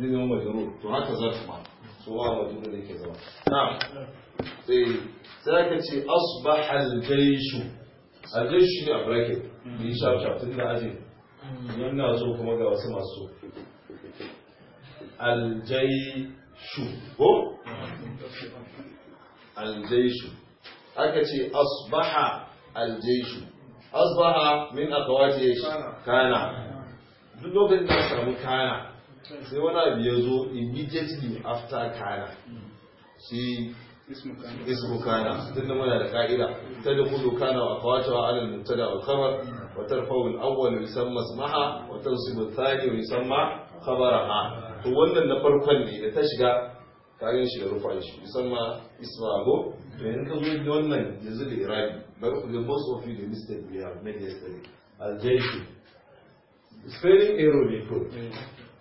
zai zama majarur to haka zarf ma su ma majarur ne ke zama na sai sai ka ce asbaha aljayshu aljayshu ne a bracket bi sharp sharp tun da ajin yana so kuma ga wasu masu aljayshu ko aljayshu aka ce asbaha aljayshu asbaha min akwati kana duk lokacin da samu kana sai wani abu ya zo immediately after kana shi ismu kana da muna da ka'ira ta da kudu kana wa kawata wa alal mubtada wa khabar wa tarfa'u al-awwal yusamma ismaha su mutane al ma yusamma ha to wannan na farkon ne da ta shiga kayan shi da rufa shi musamman ismago to yanzu ka zo da wannan yanzu da irabi ku the most of you da mr biya have made yesterday aljeshi spelling error ne ko eh.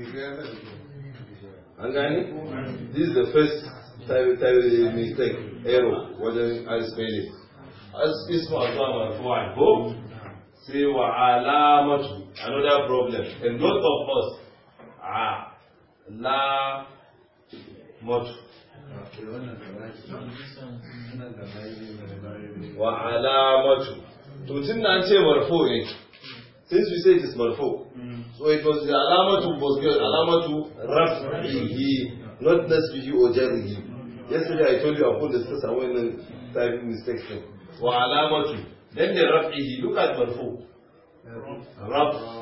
And then This is the first type, type mistake, error, when I spell it. As ismu asama fu'al go, see wa alamatu, another problem. And both of us, a la matu. wa alamatu. Tutun nan ce four ne. Since we say it is marfu, mm. so it was the to was good, to rafihi, not nasbihi or jarihi. Yesterday I told you I put the stress away and typing mistakes. Wa to, Then the rafihi, look at marfu. Rafihi.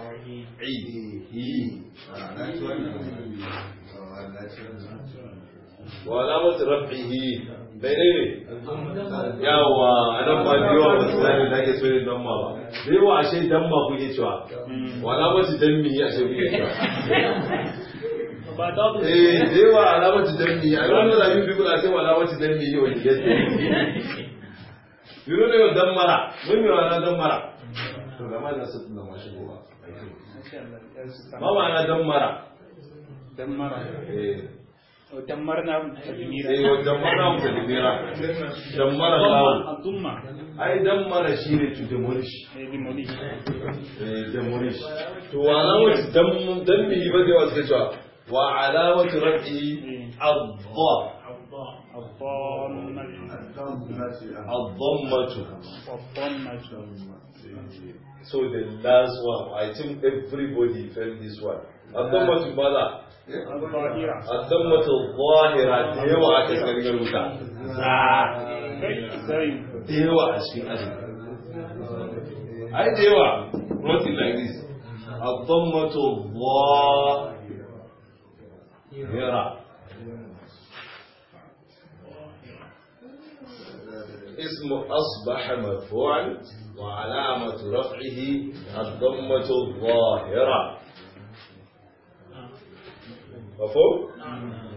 Ah, oh, Wa to rafihi. daidai ne yawa a nan ba da yawa ba da ake so yin damma ba da yawa a ashe damma kuke cewa wala ba su dammi a ashe kuke cewa eh da yawa alamaci dammi a yawan da zafi biyu na sai alamaci dammi yi wani gaske yiro ne yau dammara. mun yi wani dan mara to ga ma da su da ma shigo ba ba ma na dan mara eh دمرناهم تدميرا ايوه دمرناهم تدميرا دمر الله اي دمر شيء تدمرش دمرش دمرش دم واسكتوا وعلامة الضاء الضمة So the last one, I think everybody felt this one. الضمة الظاهرة تهوى أكثر جلوتا ديوة أشكي أشكي أي تهوى wrote it like الضمة الظاهرة اسم أصبح مرفوعا وعلامة رفعه الضمة الظاهرة mafo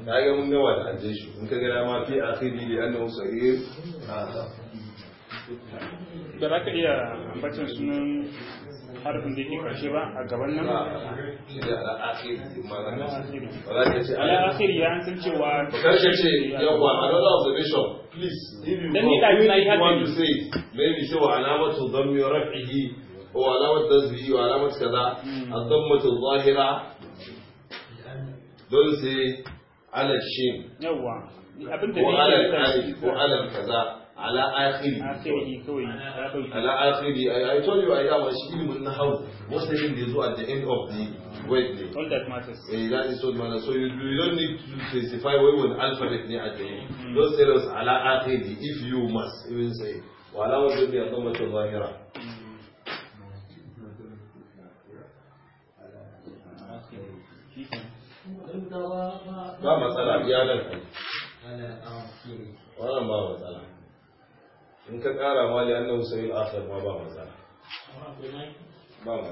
ta ga mun gama da ajiye shi kun ka gana ma fi akhiri da annahu sahih da za ka iya ambacin sunan harfin da yake karshe ba a gaban nan al'akhiri ya san cewa karshe ce yawa another observation please if you want to say maybe cewa alamatu dhammi rafihi wa alamatu tasbihi wa alamatu kaza hmm. a dhammatu adh don sai alal shim yawa abin da I've been ko alal kaza ala akhiri ah, akhiri ala akhiri i told you i am shi ilmin nahwu most of it is at the end of the word all that matters eh that is what matters so you, you don't need to specify when when alphabet ne at the end mm. don't say us ala akhiri if you must even say wa ala wajhi yadamatu zahira mm. Mm-hmm. ba matsala biya nan kai wannan ba matsala in ka kara ma da annabi sai ma ba matsala ba matsala ba?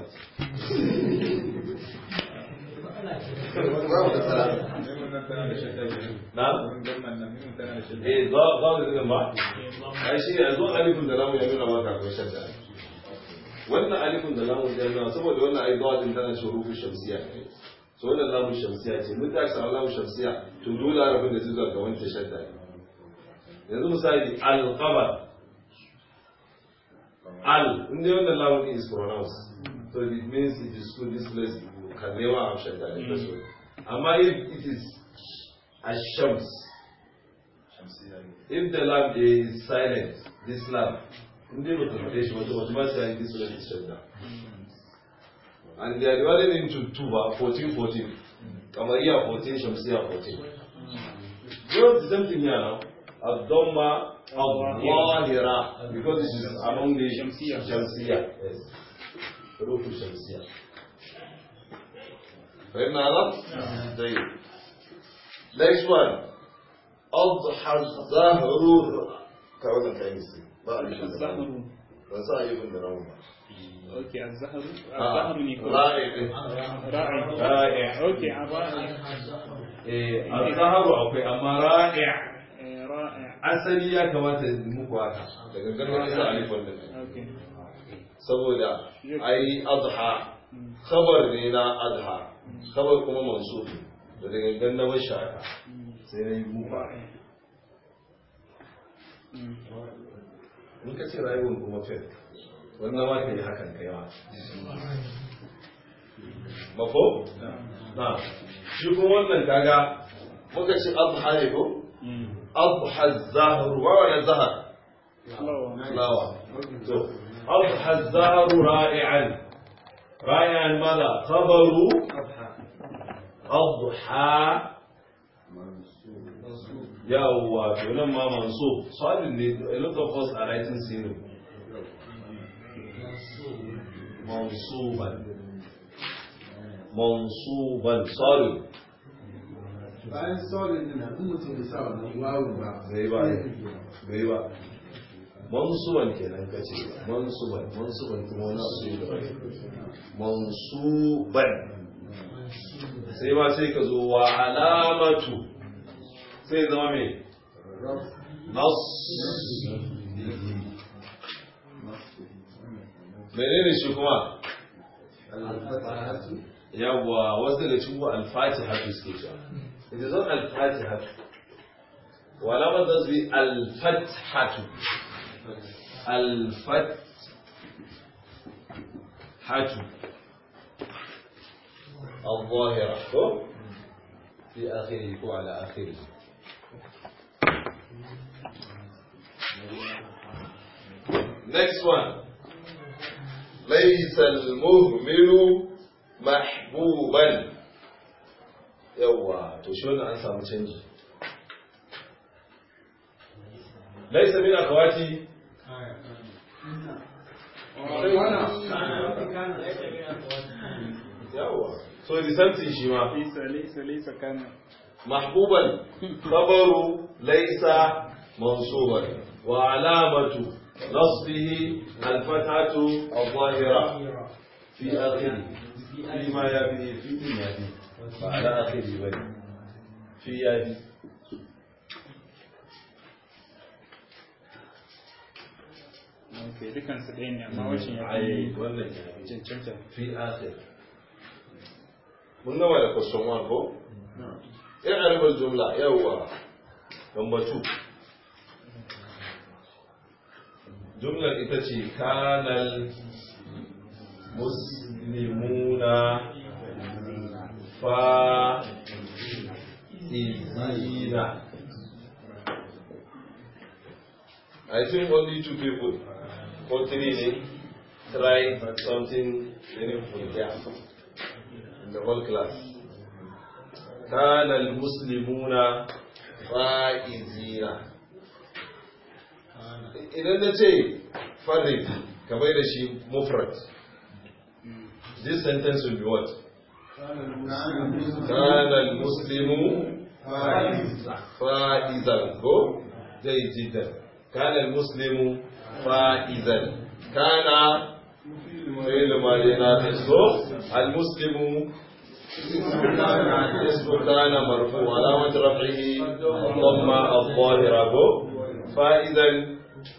alifin da eh, nuna maka wannan alifin da namu ya nuna saboda wannan ai zuwa din tana shurufu shamsiya ne so wannan lamu shamsiya ce mun ta samu lamu shamsiya to dole arabin da zuwa ga wancan shadda yanzu misali al-qamar al in dai wannan lamu is pronounced so it means it is good this place can never have shadda in this amma if it is ash-shams if the lam is silent this lam in dai mutum da shi wata wata ba sai this way is shadda And they are divided into two, 14, 14. Kamariya 14, Shamsiya 14. You know the same thing here now? Abdomma Abwahira. Because this is among the Shamsiya. Yes. Rufu Shamsiya. فهمنا هذا؟ Yes. Next one. Abdhazahrur. الزهر Kainisi. Abdhazahrur. ban sa ayyukan da ramu ba ok azharu azharu ne ko ra'i ra'i ra'i ok azharu eh azharu eh, ya kamata muku haka daga ganin sa alifan da saboda ai azha hmm. khabar ne na azha hmm. khabar kuma mansub da daga ganin hmm. sai na yi muku in ka ce rayuwar kuma promoted wannan ma ka yi hakan ka yawa mafo? na shi kuma wannan kaga muka ce abu ne ko? abu hazzaharu ba wani zahar lawa to abu hazzaharu ra'i'an ra'i'an mada khabaru abu ha yawwa to nan ma manso salin ne a lot of us are writing sinu mansuban mansuban salin bayan salin din abin mutum da sa wannan wawu ba zai ba zai ba mansuban kenan kace mansuban mansuban kuma wani abu ne mansuban sai ba sai ka zo wa alamatu في ضمير نص menene shi kuma yawwa wasu daga cikin alfatiha su suke cewa ita zan alfatiha wala ba za su yi alfatihatu alfatihatu الظاهرة في آخره وعلى آخره Next one. ليس المهمل محبوبا yawa to shi wannan an samu canji laisa min so the same thing shi ma kana mahbuban khabaru mansuban وعلامة نصبه الفتحة الظاهرة في آخره ما يبني في يبي على آخره في يدي اوكي دكان يعني ما وش يعني في آخر من نوع da question one الجملة يا هو jumla yawwa, jumlar ita ce kanal muslimuna fa izina I think only two people or three eh? try something meaningful there in the whole class. كان المسلمون فائزين idan na ce farin, ka bai da shi mufrat this sentence will be what kana muslimu fa'izan ko zai jidan kana muslimu fa'izan kana fi'il mali na so al muslimu اسم كان مرفوع علامة رفعه الضمة الظاهرة فإذا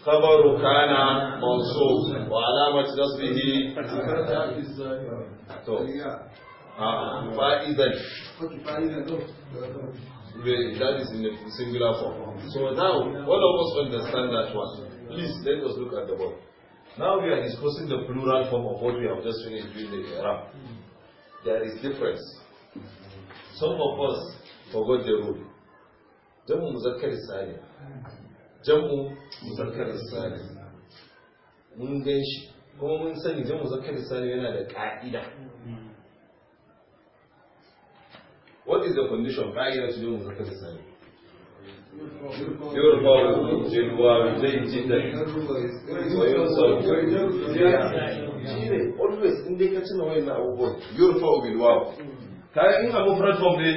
خبر كان منصوب وعلامة نصبه فائدا that is in the singular form. So now, all of us understand that one. Please, let us look at the word. Now we are discussing the plural form of what we have just finished doing the Arab. There is difference. Some of us forgot the rule. Jamu Muzakkar is silent jam'u muzakkar salim mun gan shi kuma mun sani jam'u muzakkar salim yana da ka'ida what is the condition ka'ida to jam'u muzakkar salim يرفع بالواو زي جدا وينصب always in dai ka tuna wayannan abubuwan yurfa bil waw kayan in a mufrad form ne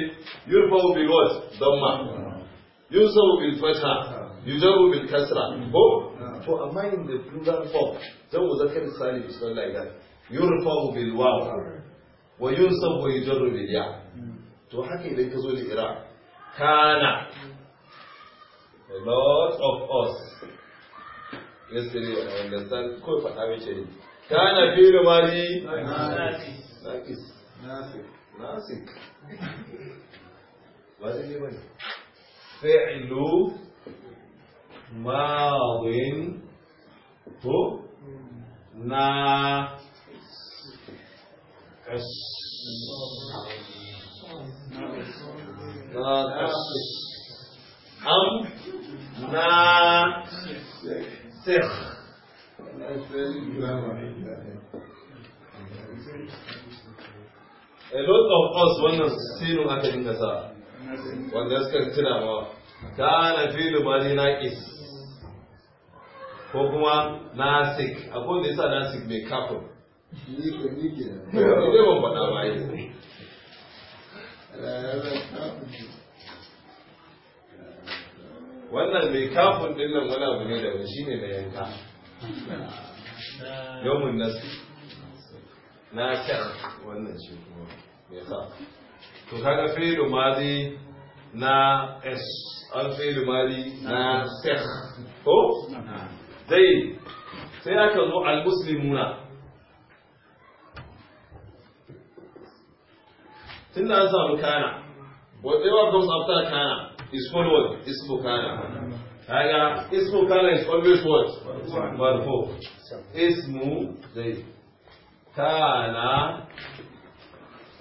what damma yuzaru bil kasra ko to amma in the plural form zamu zakar salim is not like that yurfa'u bil waw wa yunsab wa yujarru to a lot of us yesterday i understand ko faɗa mace ne kana fi mali nakis nasik nasik ba dai madin to na kas na kas a lot of us wannan sirrin aka dinga sa wanda suka tuna ma kana fi lumari na is ko kuma nasik akwai da yasa nasik mai kafin ni ban faɗa ba yi wannan mai kafin din nan wani abu ne da wani shine na yanka yawon nasik na kyar wannan shi kuma mai sa to kaga ma mali na s an ma mali na sek ko dai sai aka zo al-muslimuna tun da an samu kana whatever comes after kana is followed ismu kana kaga ismu kana is always what is mu zai kana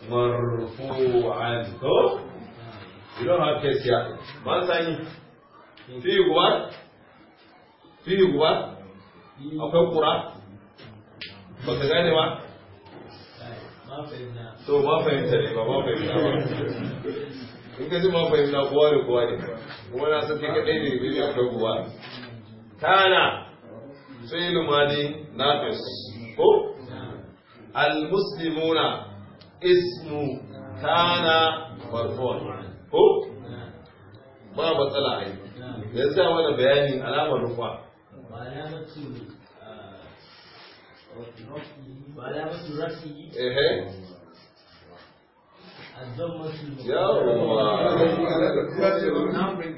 marfu'an to you don't have case here man sani fi what fi guba akwai kura ba ka gane ba to ba fahimta ne ba ba fahimta ba in ka ji ma fahimta kowa da kowa ne kuma na san kai kadai ne ne akwai guba kana sai lumani nafis ko المسلمون ismu kana مرفوع ko ba matsala ai yanzu a wani bayani alamar rufa وعلامة وعلامة رفعه إيه يا الله very good you now bring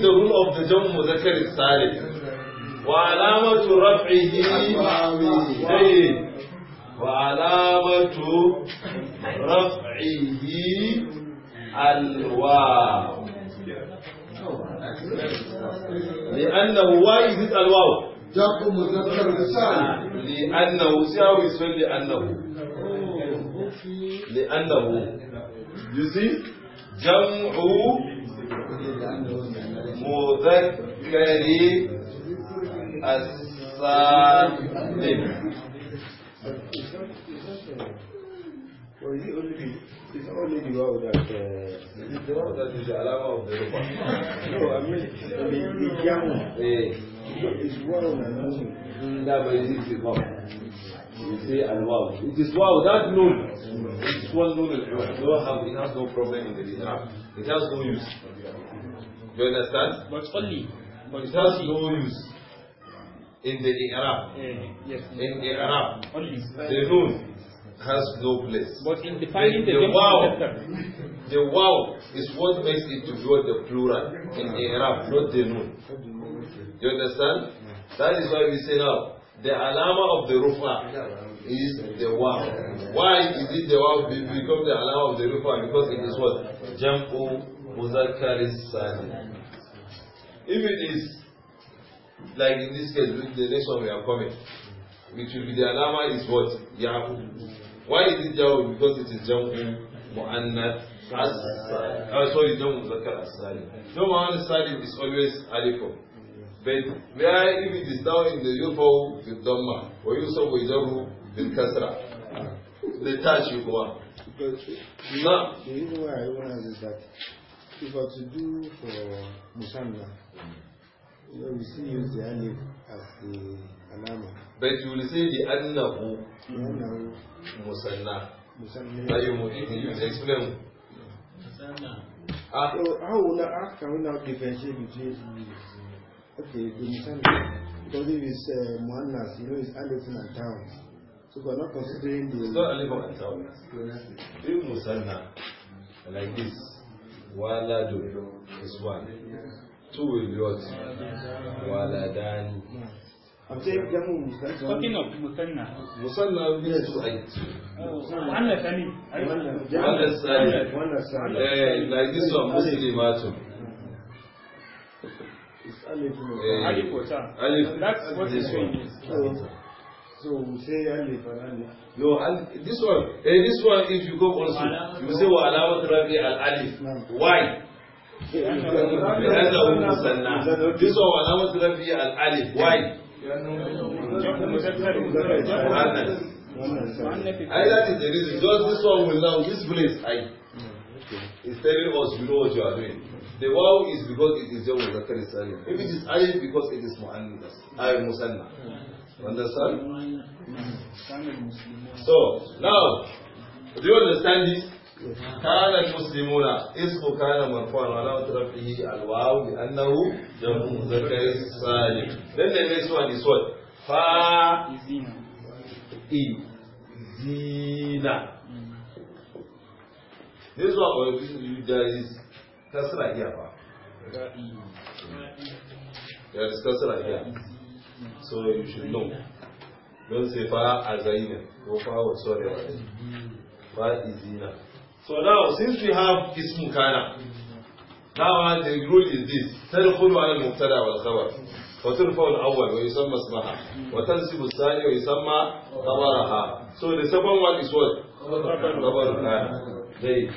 the rule of the جمع مذكر السالم وعلامة رفعه زين وعلامة رفعه الواو لأنه واي زد الواو جاكو مذكر لسان لأنه سياو يسوي لأنه لأنه you see جمع مذكر السالم Well, he only, it's only the one that uh, no, that is the alama of the rupa. no, I mean, I mean, the yamu eh, is mm, wow and That is but it is wow. You say al wow. It is wow, that noon. It is one noon. You don't have, it has no problem in the Islam. It has no use. Do you understand? But only. But it has no use. In the Arab. Eh, yes. In the Arab. Only. The noon has no place. But in defining the, the, the wow. The wow is what makes it to go the plural in Arab, not the moon. You understand? That is why we say now, the alama of the rufa is the wow. Why is it the wow become the alama of the rufa? Because it is what? Jam'u muzakkaris If it is, like in this case, the next one we are coming, which will be the alama is what? Ya'u. Why is it Ya'u? Because it is Jam'u muannat. As, you don't Muzakkar as Salim. No one Salim is always Alifo. But where if it is now in the Yufo with Dhamma, or Yusuf with Zaru with Kasra, the touch you go on. No. The reason why I want to is that if I to do for Musamna, you know, we still use the Alif as the Alama. But you will see the Annahu Musanna. Musanna. But you will explain. Uh, ah, so oh, how will now, how can we now differentiate between the okay the Musanna because if it's uh, Muannas, you know it's Alifin and Towns. So we're not considering the It's not Alifin and Towns. If Musanna like this, Waladu is one. Two will be what? Waladani. Wace Talking of musanna. Musanna min Su'aid. Wannan sani. Wannan sani. Wannan sani. like this one Muslimatu. It's Alif. Alif Alif. That's what this one is. So we say Alif and Alif. No, al this one. Eh, this one if you go also, you say wa alamat rabi al Alif. Why? This one wa alamat rabi al Alif. Why? I that is the reason. Just this one will now, this place, I is telling us you know what you are doing. The wow is because it is your muzakkar salim. If it is alif because it is mu'annas. I musanna. Understand? So now, do you understand this? كان المسلمون اسم كان مرفوعا وعلامة رفعه الواو لأنه جمع مذكر سالم لأن ليس عن يسود فا زينة This one oh, there is kasra here ba. There is kasra here. So you should know. Don't say fa azaina ko fa wasorewa. Fa izina. So now, since we have this mukana, now the rule is this: ten khulu ala mubtada wal khabar, wa ten fa'ul awwal wa yusamma smaha, wa ten sibu sani wa yusamma khabaraha. So the second one is what? Khabaru kana. Jadi,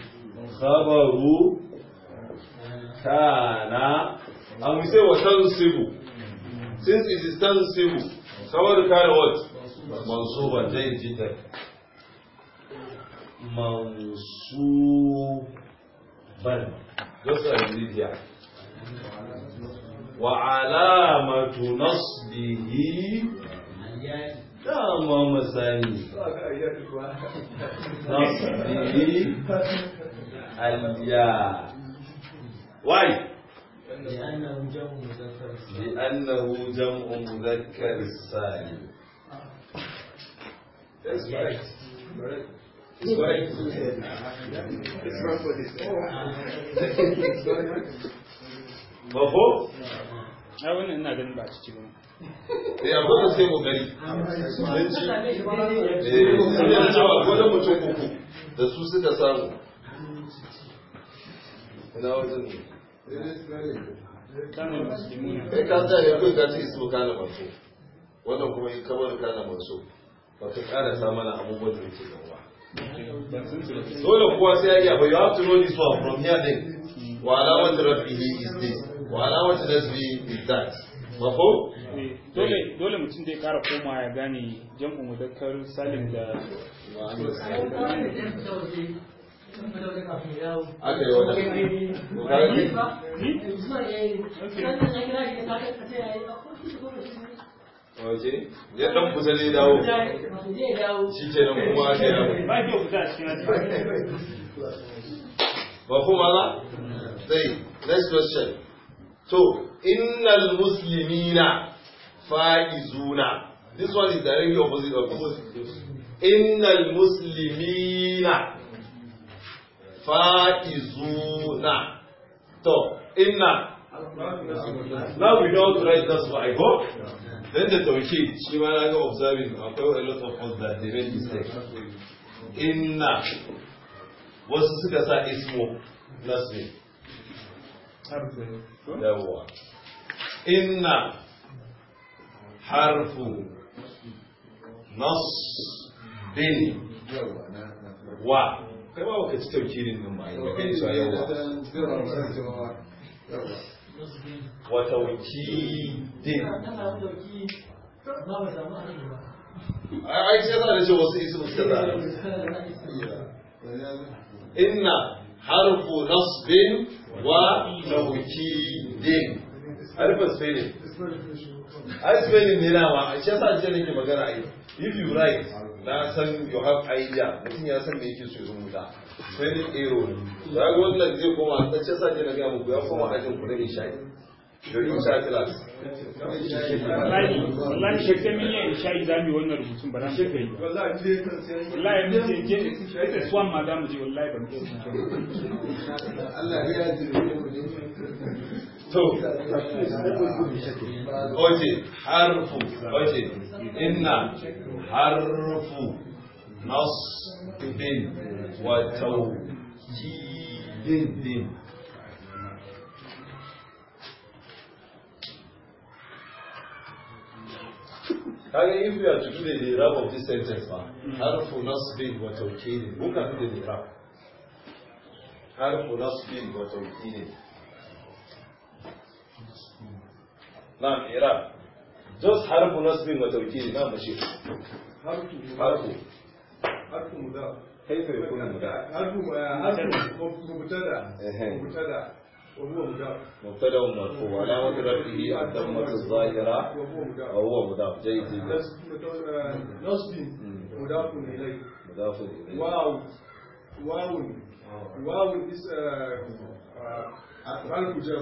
khabaru kana. And we say wa ten Since it is ten sibu, khabaru kana what? Mansuba. Jadi, jadi. mansuban gasar rijiya wa alamatu nasbihi dama misali nasbihi aliya why لأنه جمع It's wannan ina ganin ba Ya eh, gwada sai mu kuma yi kamar kana maso. Ba ƙara sa mana abubuwan da yake gawa. dole kuwa sai say, iya but you have to know this one from here then wa alamat is this wa alamat is that Mafo? dole mutum dai kara koma ya gane jam'u mudakkar salim da aka yi waje ya dan kusa zai dawo shi ke nan kuma ka yi ba kuma ba sai next question so innal muslimina faizuna this one is directly opposite of this innal muslimina faizuna to inna now we don't write that's why go dan da Tawheed, shi ma na ga observing a lot of us that they made inna the sa last inna harfu nas bin wa it's still ci in nan mind. Okay, so wa tawkidin ai sai za ce wasu ismu kaza inna harfu nasbin wa harfar spain ai spelling ne dama shi yasa ce nake magana ai if you write na san you have idea mutum ya san me yake so ya rubuta spelling error ne ga wannan zai koma ta sa ce na muku ya koma ajin ku da shayi za wannan rubutun ba za mu shekai. Wallahi mun je je ita suwan ma mu je Allah So, oje, harfu, oje, inna, harfu, nasbin, wa tawjidin. n Kaga if we are to do the irab of this sentence, ma, harfu nasbin wa tawjidin, who can do the irab? Harfu nasbin wa tawjidin. نعم إيران جوز حرف نصب وتوكيد نعم مشير حرف حرف مضاف كيف يكون مضاف حرف حرف مبتدا مبتدا وهو مضاف مبتدا مرفوع علامة رفعه الضمة الظاهرة وهو مضاف جيد جدا نصب مضاف إليه مضاف إليه واو واو واو is آه، آه، حرف جر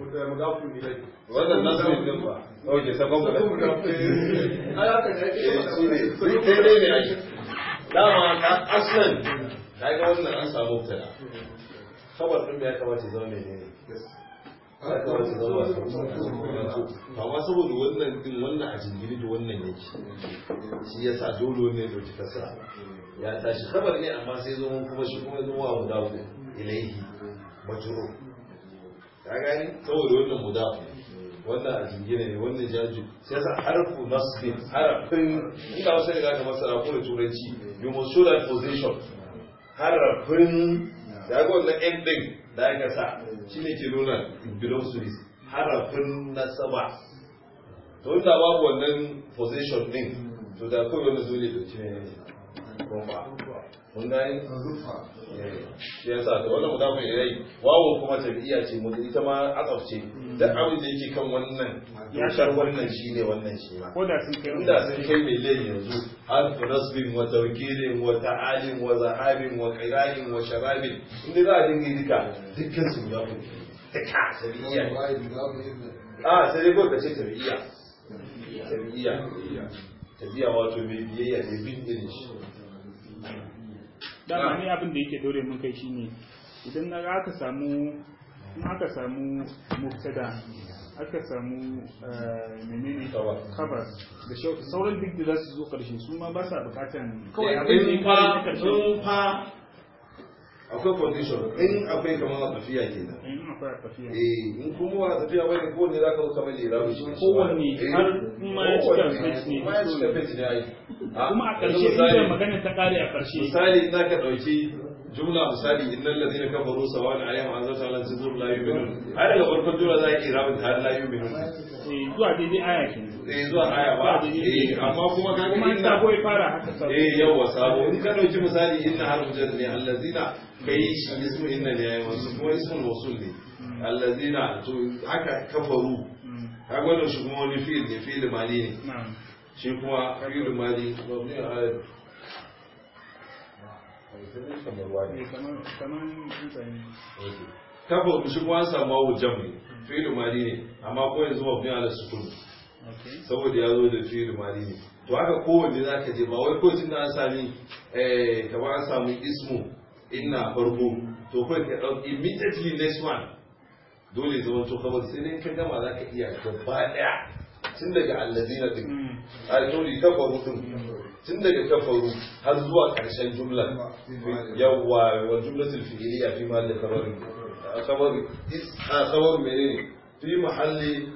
mudafun ilai wannan nasirin din ba oke sabon ba ne kai dai ne ai dama ka aslan ka ga wannan an samu tana kawar din da ya kamata zama ne ne ma saboda wannan din wannan a jingiri da wannan yake shi ya sa dole wannan doki fasa. ya tashi kabar ne amma sai zo kuma shi kuma zuwa dawo. ilaihi majuru gani saboda wannan guda wannan a jingina ne wannan jaju sai sa harfu nasbin harafin inda wasu da zaka masara ko da turanci you must show that position harafin da ga wannan end din da aka sa shine ke nuna belongs to this harafin nasaba to inda babu wannan position din to da kawai wani zo ne da cire ne kuma mun gani shi yasa to wannan ya yi wawo kuma tabi'iya ce mu ita ma asaf ce hmm. duk abin da yake kan wannan ya shar wannan shi ne wannan shi ma da sun kai inda sun kai mai lai yanzu harfu nasbin wa tawkilin wa ta'alin wa zahabin wa qira'in wa sharabin inda za a dinga duka dukkan su mudafin duka tabi'iya a sai dai ko ka ce tabi'iya tabi'iya tabi'iya wato mai biyayya da bin irin shi dama ni abin da yake dore mun kai shine idan na aka samu in aka samu mubtada aka samu eh, menene Kaba da sauran duk da za su zo karshe su ma ba sa bukatan kawai abin da ya karshe akwai condition in akwai kamar a tafiya ke nan eh, eh in kuma a tafiya wai za ka zo kamar lera shi kowanne eh, har ma ya cika fetch ne ne ah, kuma a ƙarshe ita magana ta a ƙarshe misali za ka ɗauki jumla misali innal ladina kafaru sawan alayhim azza ta'ala sizur la yu'minun ai daga farkon jumla za ka iya rabin ta la yu'minun eh, zuwa daidai aya kenan eh zuwa aya ba eh amma kuma ka ga inna sabo ya fara haka sabo eh yawa sabo in ka dauki misali inna harfin ne allazina kai shi ismu inna ne yayi wasu kuma ismul mawsul ne allazina to haka kafaru hmm. ka gwada shi kuma wani fi'il ne fi'il mali ne shi kuma fi'il mali mabni ala eh, Kafa shi kuma an samu wajen ne fi'il mali ne amma ko yanzu mabni ala sukun saboda ya zo da fi'il madi ne to haka kowanne za ka je ba wai ko tun da an sami eh, ka an sami ismu ina farko to kawai ka ɗauki immediately next one dole zama to kamar sai dai ka gama za ka iya gaba ɗaya tun daga allazina din hmm. a tori kafaru din tun daga faru har zuwa ƙarshen jumla yawwa wa jumlatul fi'liya fi mahalli khabarin khabarin is ah, khabar menene fi mahalli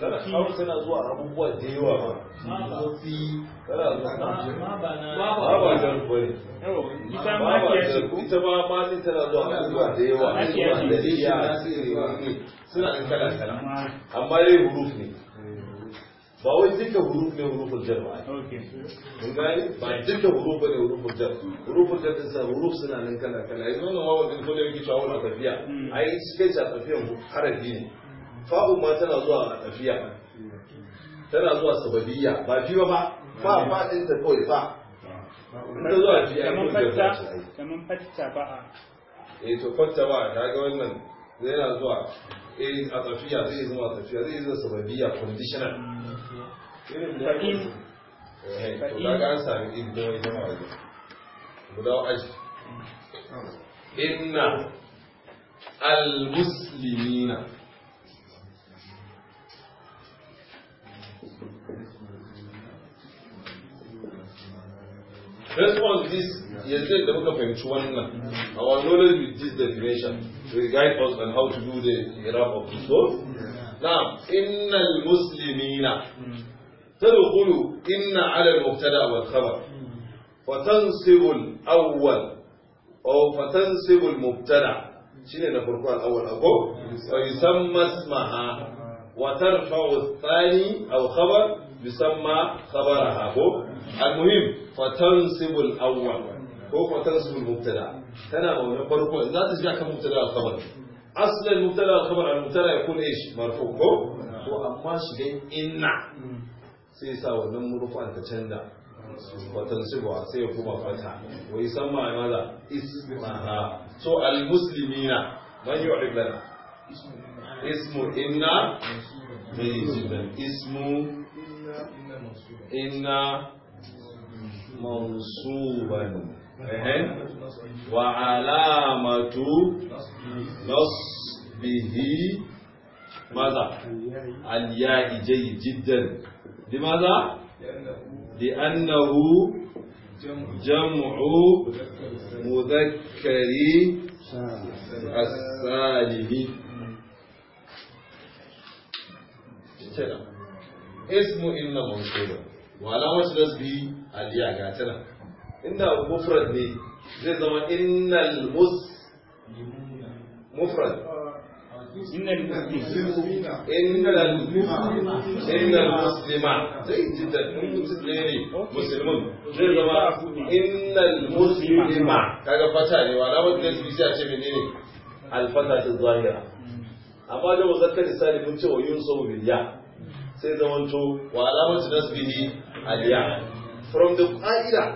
tana kawo tana zuwa abubuwa da yawa ma tsotsi tana zuwa ba ba jan bane ita ma ita ma ma sai tana zuwa abubuwa da yawa abubuwa da yawa suna in kala kala amma dai huruf ne ba wai duka huruf ne huruful jar ba mun gani ba duka huruf ne huruful jar huruful jar din sa huruf suna nan kala kala yanzu wannan wawan din ko da yake cewa wannan tafiya hmm. ai shi kai sa harafi ne fa'u ma tana zuwa a tafiya tana zuwa sababiyya ba fi ba fa fa din ta kawai fa ta zuwa fi kuma mun fatta kaman fatta ba a eh to fatta ba ta ga wannan zai yana zuwa eh a tafiya zai zuwa tafiya zai zuwa sababiyya conditional fa'in eh to an sami in da wani jama'a guda aji hmm. inna al-muslimina first one is yesterday the book of Enchuanina. Our knowledge with this definition will guide us on how to do the iraq of the soul. Yeah. Now, Inna al Muslimina. تدخل إن a المبتدا والخبر فتنصب الأول أو فتنصب المبتدا شنو نفرق الأول أبو ويسمى اسمها وترفع الثاني أو خبر يسمى خبرها أبو المهم fatansibul awwal ko fatansibul mubtada tana mauna farko za ta ji akan mubtada al khabar aslan mubtada al khabar al mubtada yakun ish marfu ko to amma shigan inna sai sa wannan murfan ta canza fatansibuwa sai kuma fata wai san ma maza ismaha so al muslimina man yu'rif lana ismu inna ismu inna منصوبا وعلامة نصبه ماذا الياء جيد جدا لماذا لأنه جمع مذكر السالم اسم إن منصوبا wala wasu da bi aliya ga tana inda mufrad ne zai zama innal mus mufrad innal muslima zai muslimina innal muslima zai ne muslimi zai zama innal muslima kaga fata ne wala wasu da bi sai a ce menene alfata ta zahira amma da muzakkar sani mun ce wa yin bil ya sai zamanto wa alamatu nasbihi aliyah from the qaida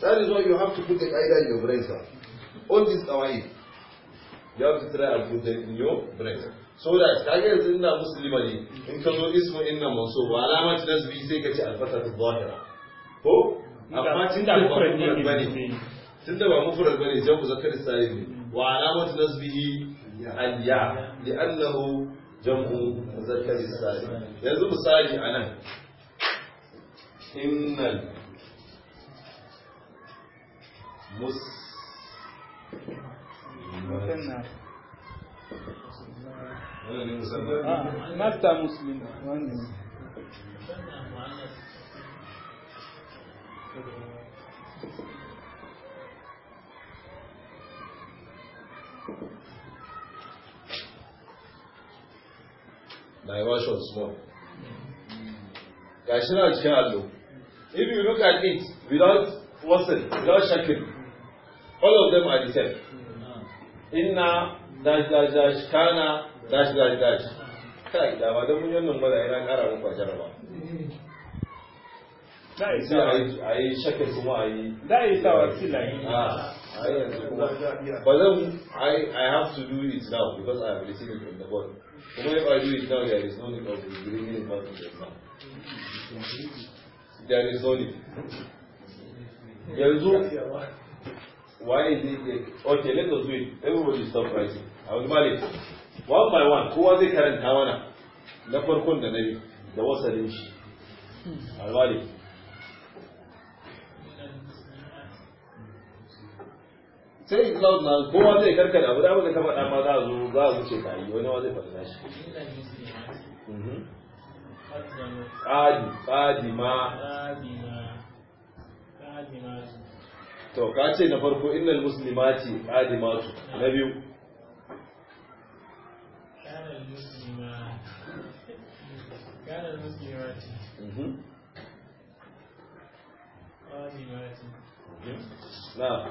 that is why you have to put the qaida in your brain sir all these qawaid you have to try and put them in your brain so that kage yanzu ina muslima ne in ka zo ismu inna mansub wa alamat nasbi sai ka ce alfatatu zahira ko amma tun da ba mufrad ne, tun da ba mufrad bane jamu zakari sai ne wa alamat nasbihi al-ya li'annahu jam'u zakari salim yanzu misali nan. إن المسلمات متى مسلم diversions more gashi na cikin allo If you look at it without forcing, without shaking, all of them are the same. Inna, dash, dash, dash, kana, dash, dash, dash. That is our ba don mun yannan ah, ba da yana kara I have to do it now because I have received it in the board. Even if I do it now, there is no need of bringing it back to the exam. there yanzu waye ne ne ok let us do it everybody stop writing a wani male one by one kowa zai karanta mana na farkon da na yi da wasalin shi alwale sai in zaun na kowa zai karkar abu da abu da ka faɗa ma za a zo za a zuce ka yi wani wa zai faɗa shi qadima to ka ce na farko innal muslimati qadimatu na biyu كان المسلمات قادمات نعم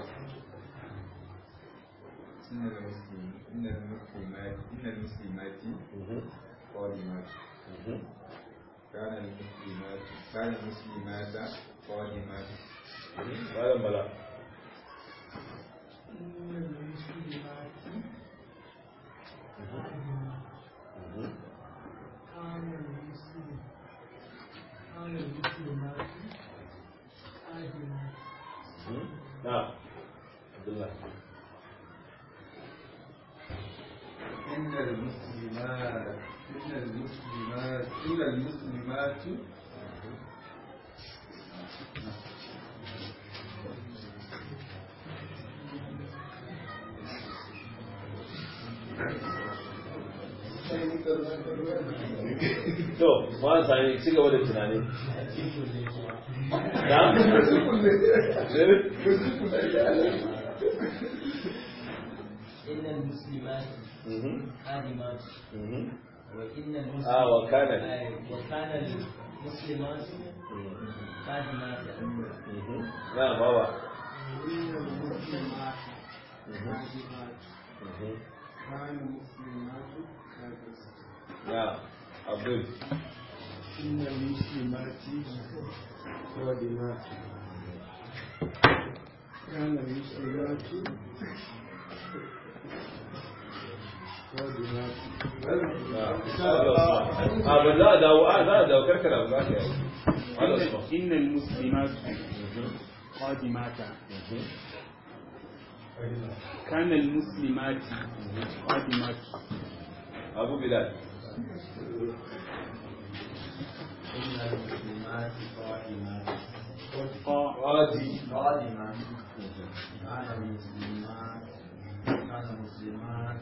إن المسلمات إن المسلمات قادمات كان المسلمات كان المسلمات قادمات هذا بلاء المسلمات إلا المسلمات إلا المسلمات إلا المسلمات to ba sa ne ci gaba da tunani da? مسلمات خادمات وإن المسلمات آه وكان وكان المسلمات خادمات نعم هو وإن المسلمات خادمات كان المسلمات خادمات نعم عبد إن المسلمات خادمات كان المسلمات إن المسلمات قادمات كان المسلمات قادمات أبو بلال إن المسلمات قادمات قادمات كان المسلمات كان المسلمات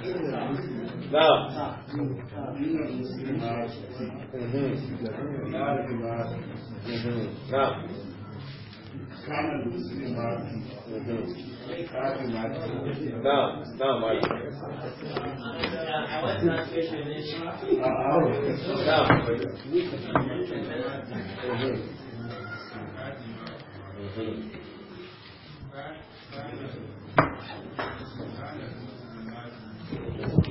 نعم كان المسلم نعم نعم نعم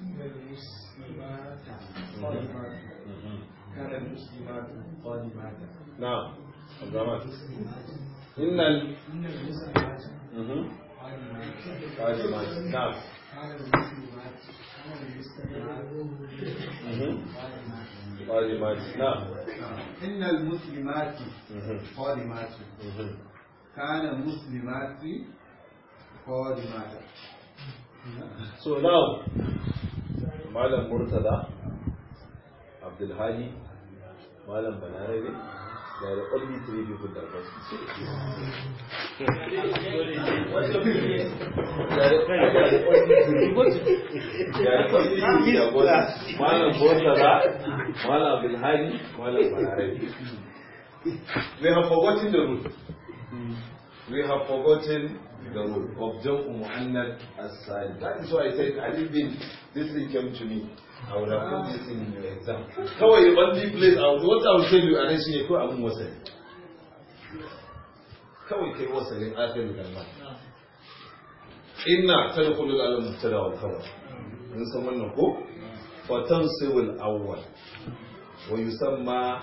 المجلس إمارة قادمة كان المسلمات قادمات نعم قادمات إن ال... إن المسلمات قادمات نعم كان المسلمات قادمات نعم إن المسلمات قادمات كان المسلمات قادمات So now malam murtada abdulhadi malam balarabe da da only three people da ba su malam murtada malam malam balarabe we have forgotten the rule we have forgotten the road of Jam'u Muhammad As-Sali. That is why I said, I didn't this thing came to me. I would have put this in your exam. Kawai ya bandi place, what I will tell you a nan shi you ko Kawai kai wasanin akhirul kalma. Inna tadkhulul I'm going to awwal. Wa yusamma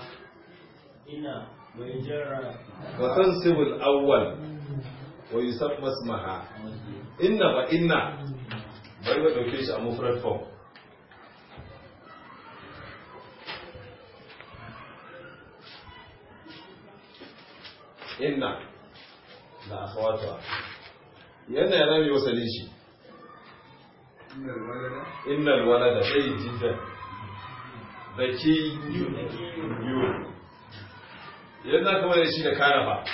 inna wa yujarra. Fatan awwal. wa sab masmaha. inna ba inna bai ga ɗauke shi a mufrad form inna da akhawatuha yana ya rami wasalin shi inna da sai da ke yi, yana kuma da shi da ba.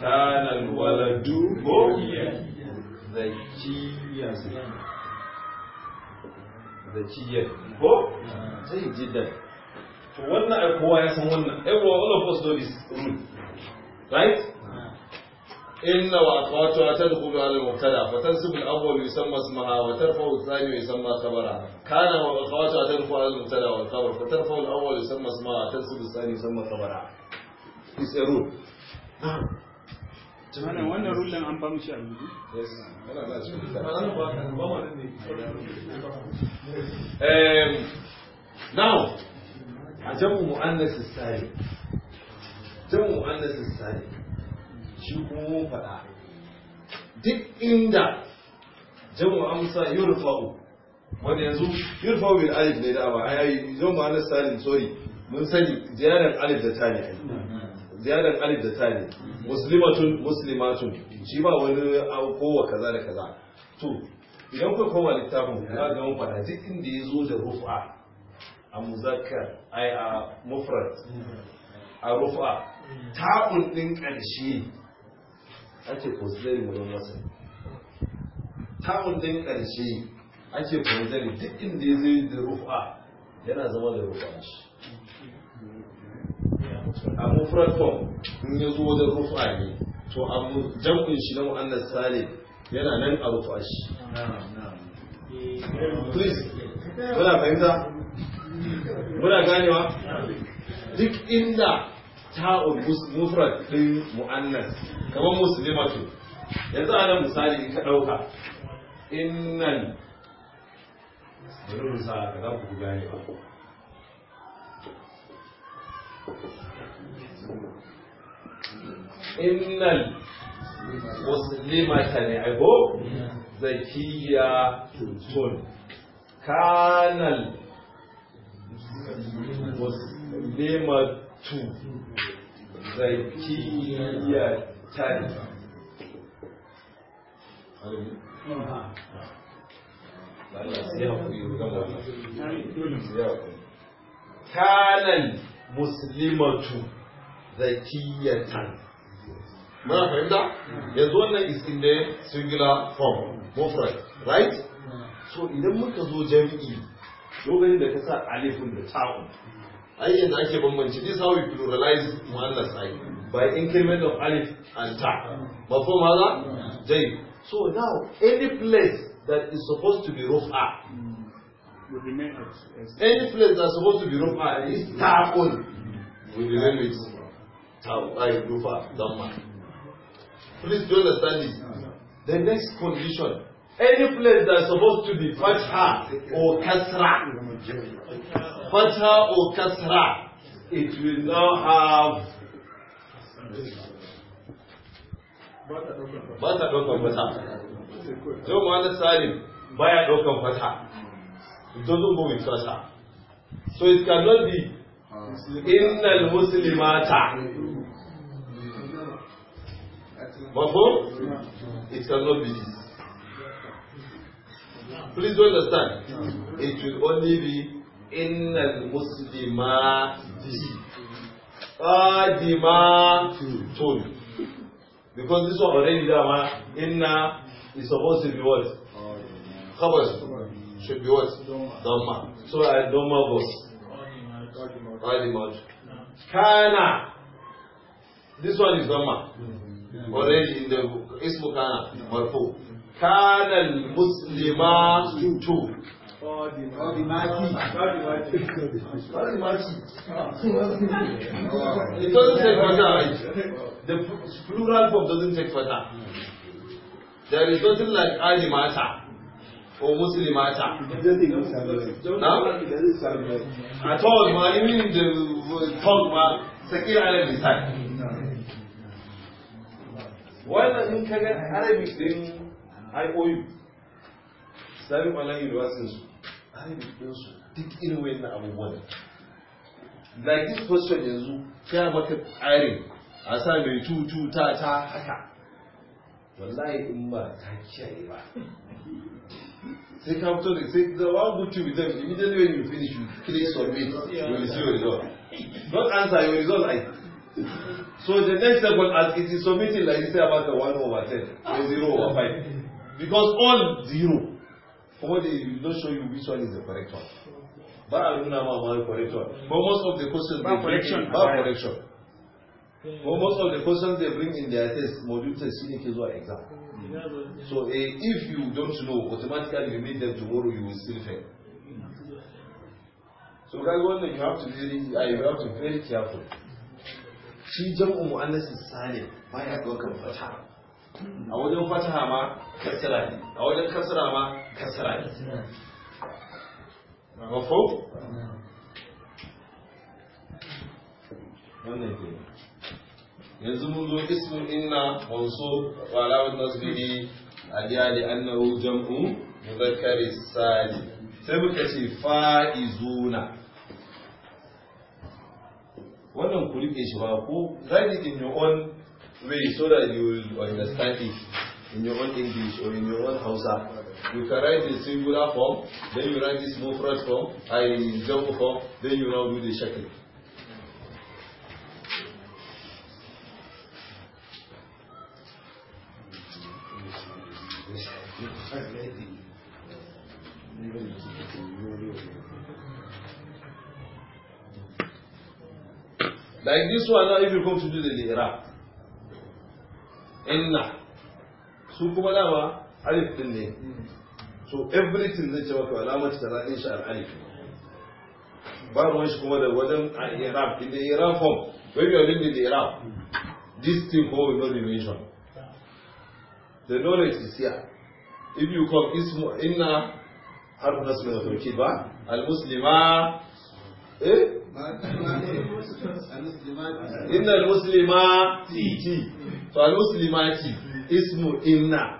kana waladu bogiya zakiya zakiya bo zai jidda to wannan kowa ya san wannan ebo all of us know this right inna wa aqwatu atadkhulu ala al-mubtada fa tansibu al-awwal yusamma ismaha wa tarfa'u al-thani yusamma khabara kana wa aqwatu atadkhulu ala al wa al-khabar fa tarfa'u al-awwal yusamma ismaha wa tansibu al-thani yusamma khabara is a rule Malam wannan rullan an ba mu shi ba rubutu? Yes. Now, a jamu mu'annas sari. Jamu mu'annas sai. Shi kuma mun faɗa. Duk inda jamu amsa yurfa'u wani yanzu yurfa'u bil alif ne da ba ayayi ai jamu mu'annas sai sorry mun sani ziyarar alif da ta ne ziyarar alif da tani muslimatun muslimatun shi ba wani kowa kaza da kaza to idan kuwa koma littafin ya ga wani faɗa duk inda ya zo da rufa a muzakkar ai a mufrat a rufa ta'un din ƙarshe ake kuzari wurin masa ta'un din ƙarshe ake kuzari duk inda ya zo da rufa yana zama da rufa shi a mufrad form in ya zo wajen rufa ne to a jam'in shi na wa'annan salim yana nan a rufa shi please muna fahimta muna ganewa duk inda ta mufrad din mu'annas kamar muslimatu yanzu a nan misali in ka ɗauka innan bari mu sa ka za ku gane ba innal muslimata ne aigo zakiya tun kanal tu zakiya tani kanal muslimatu zakiyatan muna fahimta hmm. Yes, one is in the singular form mufrad right hmm. so idan muka zo jami'i you're going to sa alifun da I ai yanda ake bambance this how we pluralize one ai by increment of alif and ta for hmm. mother, jayyid so now any place that is supposed to be rufa will remain as, as any place that's supposed to be rufa is ta'un will remain with ta'un rufa man. please do understand this the next condition any place that's supposed to be fatha or kasra fatha or kasra it will now have ba ta ɗaukan fata. Yau ma wani tsarin baya come fata. It doesn't go with Sasa. So it cannot be in Innal Muslimata. Mafo? It cannot be this. Please understand. It will only be in Innal Muslimati. Qadimatun. Because this one already there, inna is supposed to be what? Khabar. should be what? Dhamma. So I Dhamma verse. Alimaj. Kana. This one is Dhamma. Mm-hmm. Already in the Ismu Kana, Marfu. Kana al-Muslima too. Qadimati. Oh. it doesn't take fatah, right? The plural form doesn't take fatah. Mm. There is nothing like Adimata. O Muslimata. a At all, ma, even the sake ma, sakir ala lisan. Wannan in ka ga Arabic din IOU, Islamic Malay University su, Arabic din su duk irin abubuwa abubuwan. Like this question yanzu, ya maka tsarin a sa mai tutu ta ta haka. Wallahi in ba ta kiyaye ba. Take after the take the one good with them. Immediately when you finish, you click submit. You will see your result. Not answer your result like. So the next step was as it is submitting, like you say about the one over ten or zero over five. Because all zero. For what they will not show you which one is the correct one. Ba a nuna ma ma correct one. But most of the questions they bring in, ba correction. But most of the questions they bring in their test, module test, shi ne ke zuwa exam. So uh, if you don't know, automatically you meet them tomorrow, you will still fail. So guys, one thing you have to be very, ah, you have to be very careful. Shi jam'u mu'annas salim baya ɗaukar fataha. A wajen fata ma kasra ne, a wajen kasra ma kasra ne. Mafau? Wannan ke yanzu mun zo ismun inna manso wa alawat nasbihi aliya li annahu jam'u muzakkari Sani. sai muka ce fa'izuna wannan ku rike shi ba ko zai in your own way so that you will understand it in your own English or in your own Hausa you can write the singular form then you write this front form I jump form then you now do the shakl Like this one now if you come to do the lira. Inna. Su kuma dama alif din ne. So everything zai ce maka alamar tara insha al-alif. Ba wani shi kuma da wajen a Iraq, in the Iraq form, when you are living in Iraq, this thing called will not be mentioned. The knowledge is here. If you come ismu inna harf su da tauki ba, al-muslima, eh? inna al-muslimati to al-muslimati ismu inna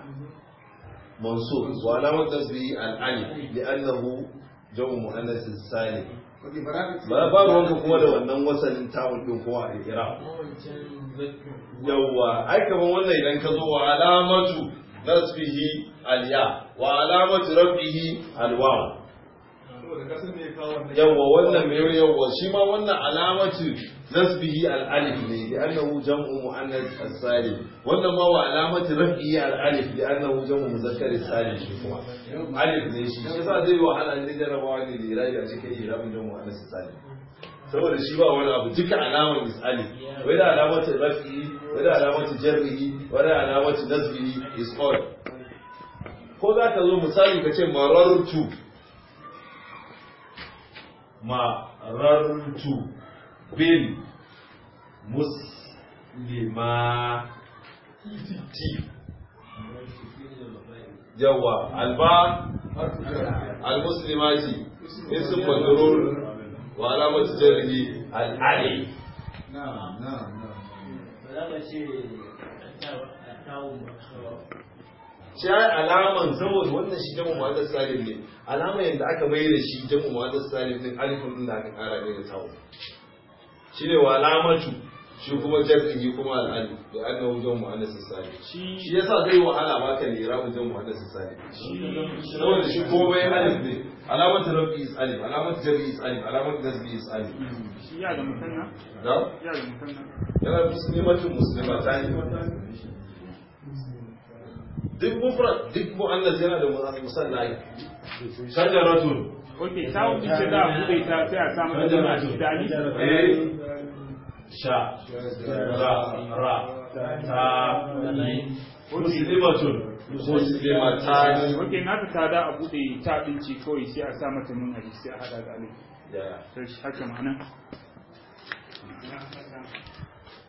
mansub wa alamat tasbihi al-alif li'annahu jamu muannas salim ba ba ruwanka kuma da wannan wasanin tawun din kowa a iraq yawwa ai kaman wannan idan ka zo wa alamatu nasbihi al-ya wa alamatu rabbihi al-waw yawwa wannan mai yawwa shi ma wannan alamatu nasbihi al-alif ne na annahu jam'u muannas as-salim wannan ma wa alamatu rafi'i al-alif li annahu jam'u muzakkar as-salim shi kuma alif ne shi yasa zai wahala ne jarabawa ne da irabi a cikin irabin jam'u muannas as-salim saboda shi ba wani abu duka alamar alif, wai da alamatu rafi'i wai da alamatu jarrihi wai da alamatu nasbihi is all ko za ka zo misali ka ce tu. marartu bin muslimati yawa alba almuslimati ism majrur wa alamatu jarhi al-ali na'am na'am shi alaman saboda wannan shi jamu mu'addas salim ne alama yadda aka mai da shi jamu mu'addas salim din alifin din da aka kara ne da tawo ne wa alamatu shi kuma jar'in yi kuma al'adu da annahu jamu mu'addas salim shi yasa zai wahala ba ka lera mu jamu mu'addas salim saboda shi komai alif ne alamat rabbi is alif alamat jar'i is alif alamat nasbi is alif hmm. shi ya da mutanna da ya da mutanna yana muslimatin muslimatani duk mufrad duk yana da musannai shajaratun okay ta ce da bude ta sai samu da eh, sha ra ra ta ni okay na ta da ta kawai sai a sa mata hadisi a hada da ya sai haka ma'ana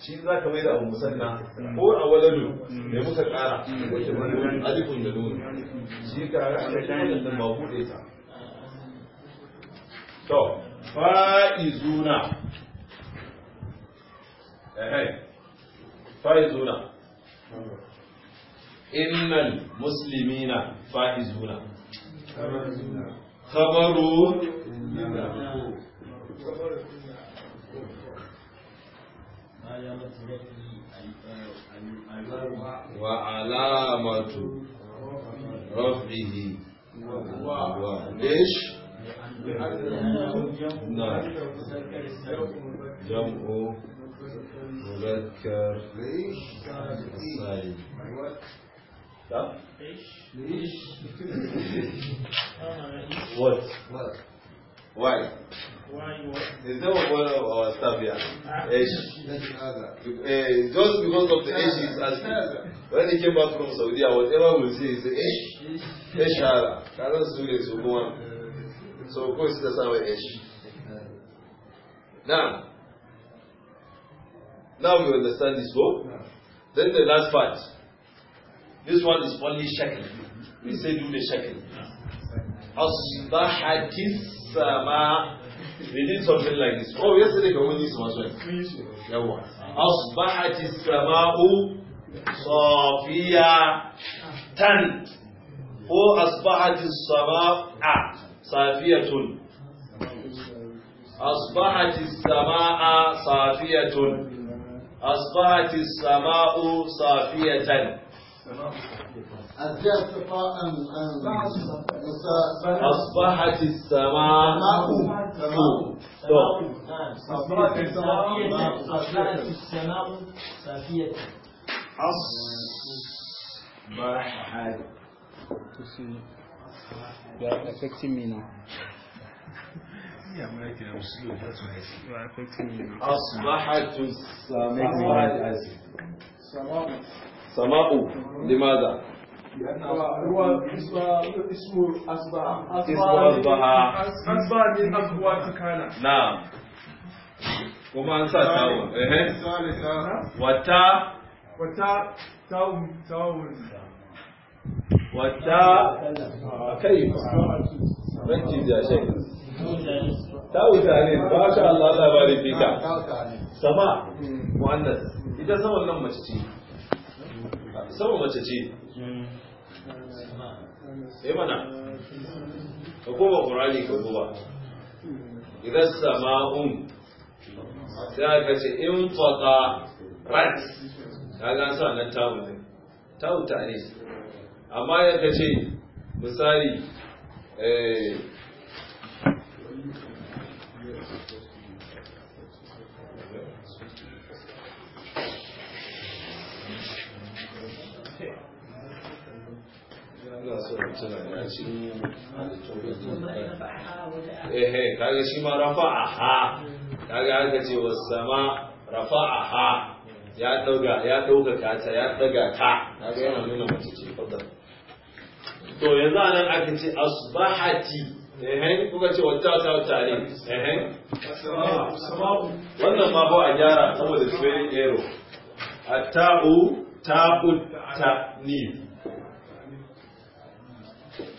shi za ka mai da abu musanna mm. ko a waladu mai muka kara mm. wace wani alifun da nuni shi ka ga an kai da ba bude ta to faizuna eh faizuna innal muslimina faizuna khabaru وعلامة رفعه هو ايش؟ نعم جمع مذكر سعيد What? What? Why? There's no one of our Sabia. Eh, just because of the ash is asking. When he came back from Saudi, whatever we see is Esh. Esh Hara. Karan students will go on. So, of course, that's our ash. Now, now we understand this book. Then the last part. This one is only shekel. We say do the shekel. Asbahatis sama' They did something like this. Oh, yesterday communities was well. safiya tan. Ko asbahati sama'a safiyatun. أصبحت السماء صافية أصبحت السماء صافية أصبحت السماء أصبحت السماء صافية أصبحت أصبحت السماء سماء لماذا؟ kuma an sa tawo eh wata wata tawun tawun wata kai ranci da shai tawu ne, ba sha Allah Allah bari fika sama muannas ita sama nan mace ce sama mace ce sai eh, mana ka kuma qur'ani ka kuma idan sama'un sai aka ce in fata rat ka ga sa nan ta ne ta ta ne amma ya ce misali eh ehe kaga shi ma rafa'aha kaga aka ce wasama rafa'aha ya dauga ya dauga ta ya daga ta kaga yana nuna mace ce fadar to yanzu anan aka ce asbahati ehe kuka ce wata ta tare ehe wannan ma ba a gyara saboda spelling error at ta'u ta'u ni.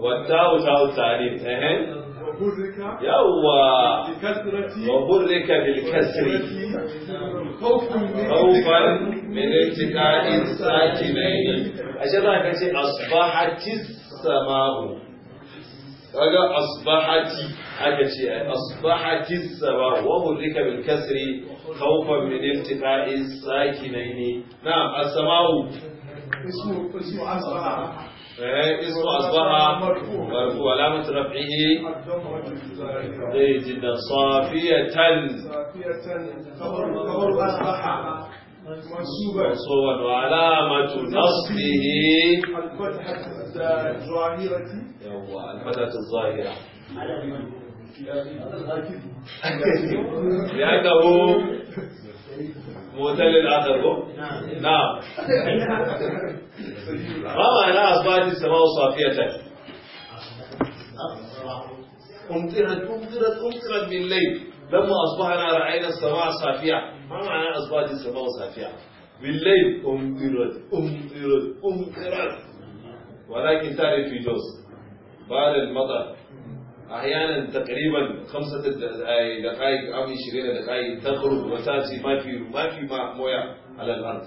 والتاء تاء التعليم اهن يا وبرك بالكسر خوفا من التقاء الساكنين اجل ان اصبحت السماء اجل اصبحت اصبحت السماء وبرك بالكسر خوفا من التقاء الساكنين نعم السماء اسمه اسمه اصبحت اسم أصبح مرفوع وعلامة رفعه جيد إيه، جدا صافية خبر أصبح منصوبا وعلامة نصبه الفتحة الظاهرة الفتحة الظاهرة لأنه مؤتل الاخر هو نعم. نعم ما معنى أصبحت السماء صافية أمطرت أمطرت أمطرت من لما أصبحنا رأينا السماء صافية ما معنى أصبحت السماء صافية بالليل أمطرت أمطرت أمطرت ولكن تعرف في جوز بعد المطر احيانا تقريبا خمسة دقائق او 20 دقائق تخرج وتاتي ما في ما في مويه على الارض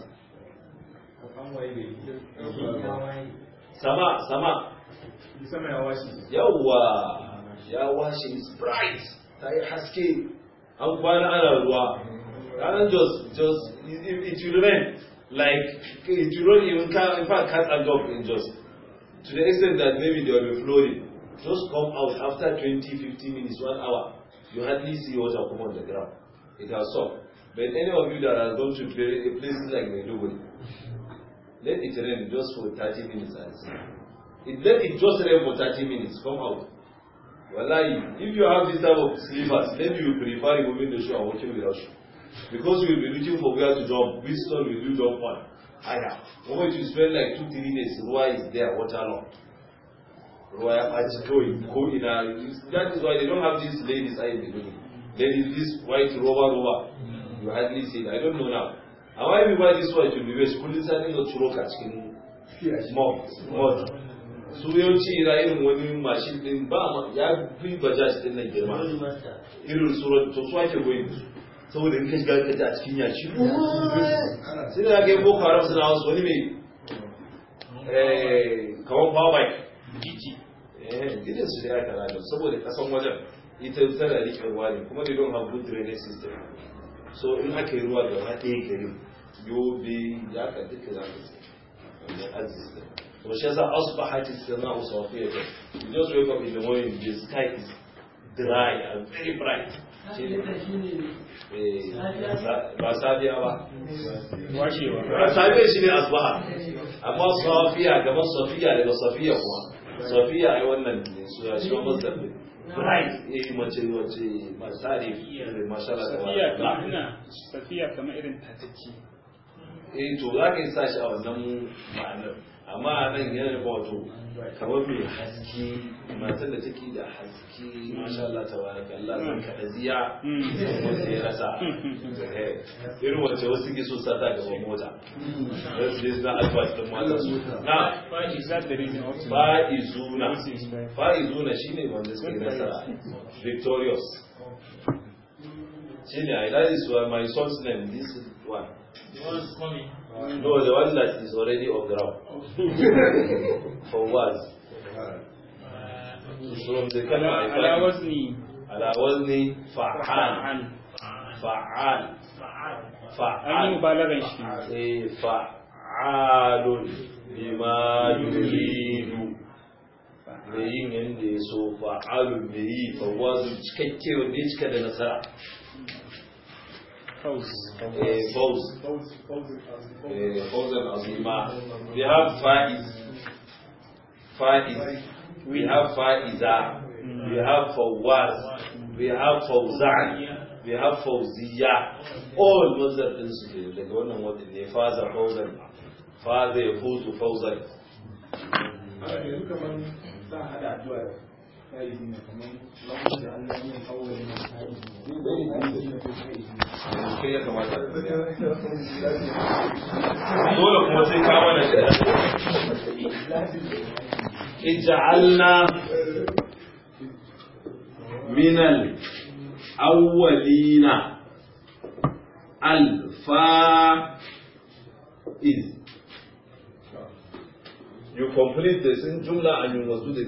سماء سماء يوا يا واشي برايت تاي حسكي an kwana ana ruwa ranar just just it will remain like it will not even in fact cats and dogs in just to the extent that maybe they will be floating just come out after 20, 15 minutes, one hour. You hardly see water come on the ground. It has soaked. But any of you that has gone to eh, places like Maiduguri, let it rain just for 30 minutes and see. It, let it just rain for 30 minutes. Come out. Wallahi, if you have this type of slippers, then you prefer removing the shoe and walking without shoe. Because you will be looking for where to jump, which stone will you jump on? Higher. The moment you spend like two, three days, Why is there, water long. ruwa ya ɓaci ko ina that is why they don't have these ladies I building. there is this white roba roba. you hardly see it I don't know now amma why we buy this white you be kullum sa dinga turo ka cikin mouth su yawanci ina irin wani mashin din ba ya fi bajaj din nan girma irin So we didn't get goyi saboda in ka shiga I a cikin yashi sai the house, what do suna mean? Hey, mai on, eh, power bike gigi eh gidan su da aka lalace saboda kasan wajen ita tana rike ruwa ne kuma da don have drainage system so in aka yi ruwa gaba ɗaya gari yobe ya ka duka za ka sai arziki to shi yasa asbahat as-sama'u safiyatan you just wake up in the morning the sky is dry and very bright ba safiya ba ba safiya shi ne eh, asuwa amma safiya gaban safiya daga safiya kuma safiya ai wannan ne su ya shi wani zabe bright eh mace wace masari masala da wannan na safiya kamar irin tataki eh to za ka yi sashi a wannan ma'anar amma a nan yana da wato kamar mai haske matan da take da haske masha Allah tabaraka Allah zan kada ziya wanda ya rasa eh, irin wacce wasu ke so sata gaban mota dan su je advice da mata su na fa'izuna fa'izuna ne wanda suke nasara victorious shine i that is my son's name this one the one coming No, the one that is already on ground. For words. From the kalma ala wazni. Fa'an. Fa'an. Fa'an. Fa'an. Fa'an. Fa'an. Fa'an. Fa'an. Fa'an. Fa'an. Fa'an. Fa'an. Fa'an. Fa'an. Fa'an. Fa'an. Fa'an. Fa'an. Fa'an. me yi fawazun cikakke wanda ya Bose. Bose uh, as Imam. Uh, they have five, Faiz. We have Faiza. We mm. have Was. We have Fawzan. We have Fawziya. All those are things They wannan wata what faza fawzan father ya them. Father Kamar za a kai ya kamata dole kuma sai ka shi minal awwalina you complete this in jumla and you must do the